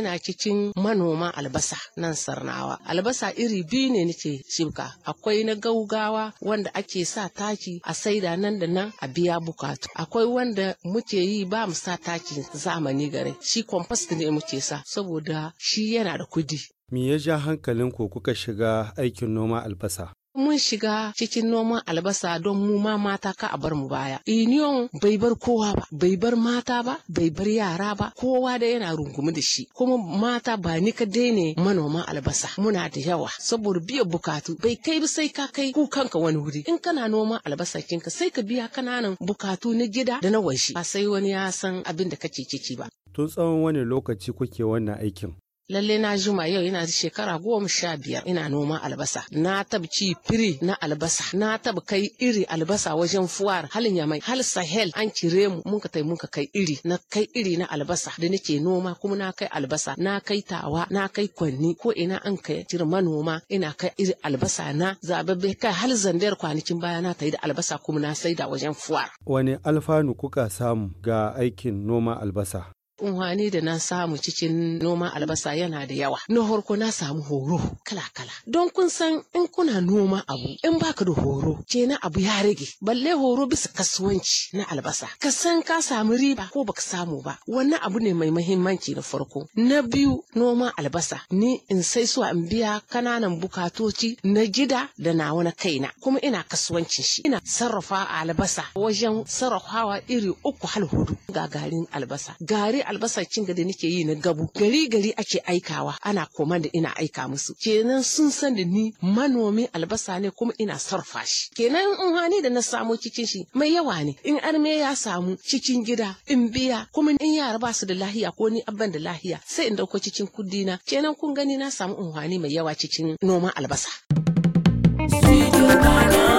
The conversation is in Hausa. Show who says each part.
Speaker 1: ina cikin manoma albasa nan sarnawa albasa iri biyu ne nake shuka akwai na gaugawa wanda ake sa taki a saida nan da nan a biya bukatu akwai wanda muke yi ba mu sa taki zamani gare shi compost ne muke sa saboda shi yana da
Speaker 2: kudi me ya ja hankalin ku kuka shiga aikin noma albasa
Speaker 1: Mun shiga cikin noman albasa don mu ma mata ka a bar mu baya. Union bai bar kowa ba, bai bar mata ba, bai bar yara ba, kowa da yana rungumi da shi. Kuma mata ba ni ka daina manoman albasa, muna da yawa saboda biyan bukatu bai kai ba sai ka kai ku kanka wani wuri. In kana noman albasa kinka sai ka biya kananan bukatu na gida da na waje ba sai wani ya san
Speaker 2: abin da kake ciki ba. Tun tsawon wani lokaci kuke wannan aikin?
Speaker 1: lalle na juma yau ina shekara goma sha biyar ina noma albasa na tabci firi na albasa na taba kai iri albasa wajen fuwar halin ya mai hal sahel an cire mu mun ka tai mun ka kai iri na kai iri na albasa da nake noma kuma na kai albasa na kai tawa na kai kwanni ko ina an kai cire manoma ina kai iri albasa na zababbe kai hal zandar kwanakin baya na tai da albasa kuma na saida wajen fuwar
Speaker 2: wani alfanu kuka samu ga aikin noma albasa
Speaker 1: unhwani da na samu cikin noma albasa yana da yawa na horko na samu horo kala kala don kun san in kuna noma abu in baka da horo na abu ya rage balle horo bisa kasuwanci na albasa ka san ka samu riba ko baka samu ba wannan abu ne mai mahimmanci na farko na biyu noma albasa ni in sai suwa in biya kananan bukatoci na gida da nawa na kaina kuma ina kasuwancin shi ina sarrafa albasa wajen sarrafawa iri uku hal hudu ga garin albasa gari albasar cinga da nake yi na gabu gari gari ake aikawa ana koma da ina aika musu kenan sun san da ni manomin albasa ne kuma ina sarfa shi kenan in hani da na samu cikin shi mai yawa ne in arme ya samu cikin gida in biya kuma in yara ba su da lahiya ko ni abban da lahiya sai in dauko cikin na kenan kun gani na samu unhwani mai yawa cikin noman albasa.
Speaker 2: Studio